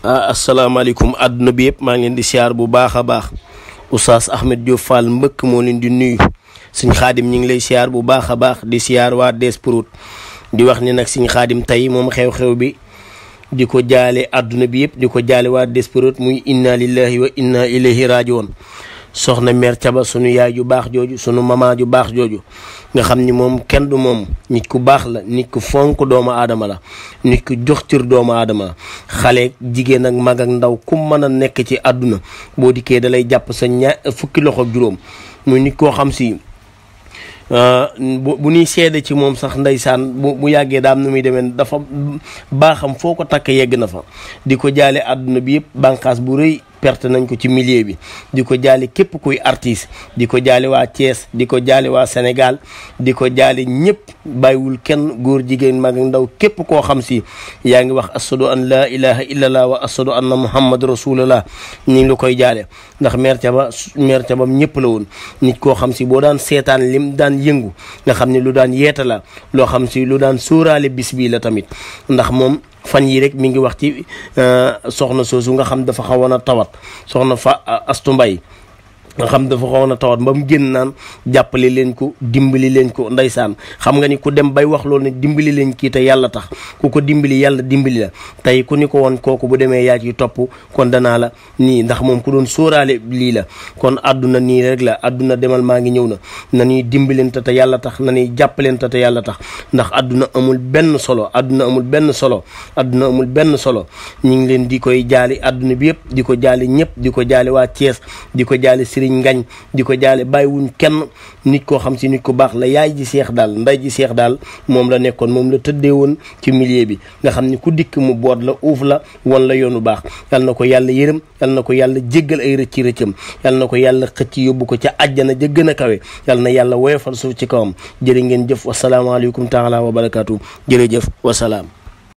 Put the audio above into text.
Ah, asalaamaaleykum àdduna bi yëpp maa ngeen di siyaar bu baax a baax Oustaz Ahmed Diop Fall mbëkk moo leen di nuyu suñ xaadim ñu ngi lay siyaar bu baax a baax di siyaar waa des Prod di wax ni nag suñ xaadim tey moom xew-xew bi di ko jaale adduna bi yëpp di ko jaale waa DS Prod muy inna lillahi wa inna ilayhi rajiun soxna mère Thiaba suñu yaay ju baax jooju sunu maman ju baax jooju nga xam ni moom kenn du moom nit ku baax la nit ku fonk doomu aadama la nit ku jox cër doomu aadama la xale jigéen ak mag ak ndaw ku mën a nekk ci àdduna boo dikkee dalay jàpp sa ña fukki loxo juróom muy nit koo xam si ah, bu bu ñuy seede ci moom sax ndeysaan bu bu yàggee daam nu muy demee dafa baaxam foo ko takk yegg na fa di ko jaale àdduna bi yëpp banqaas bu rëy perte nañ ko ci milieu bi di ko jaale képp kuy artiste di ko jaale waa Thiès di ko jaale waa Sénégal di ko jaale ñëpp bàyyiwul kenn góor jigéen mag ndaw képp koo xam si yaa ngi wax asadu an laa ilaha illallah wa asadu anna muhammad rasulullah ni lu koy jaale ndax meer ca ba meer ca bam ñëpp la woon nit koo xam si boo daan seetaan lim daan yëngu nga xam ne lu daan yeeta la loo xam si lu daan sóoraale bis bii la tamit ndax moom fan yii rek mi ngi wax ci euh, soxna soosu nga xam dafa xawoon a tawat soxna fa euh, Astu Mbay nga xam dafa xawoon a tawat ba mu génn naan jàppale leen ko dimbali leen ko ndeysaan xam nga ni ku dem bay wax lool ne dimbali leen kii te yàlla tax ku ko dimbali yàlla dimbali la tey ku ni ko woon kooku bu demee yaa ci topp kon danaa la nii ndax moom ku doon sóoraale lii la kon adduna nii rek la àdduna demal maa ngi ñëw na nañuy dimbalante te yàlla tax nañuy jàppalante te yàlla tax ndax àdduna amul benn solo adduna amul benn solo àdduna amul benn solo ñu ngi leen di koy jaali àdduna bi yëpp di ko jaali ñëpp ngañ di ko jaale bàyyiwuñ kenn nit koo xam si nit ku baax la yaay ji seex daal nday ji seex daal moom la nekkoon moom la tëddee woon ci milieu bi nga xam ni ku dikk mu boot la uuf la won la yoonu baax yal na ko yàlla yërëm yal na ko yàlla jéggal ay rëcc rëccam yal na ko yàlla xëcc yóbbu ko ca ajjana ja gën a kawe yal na yàlla woyofal suuf ci kawam jërë ngeen jëf wasalaamaaleykum taala wa barakaatu jërëjëf wasalaam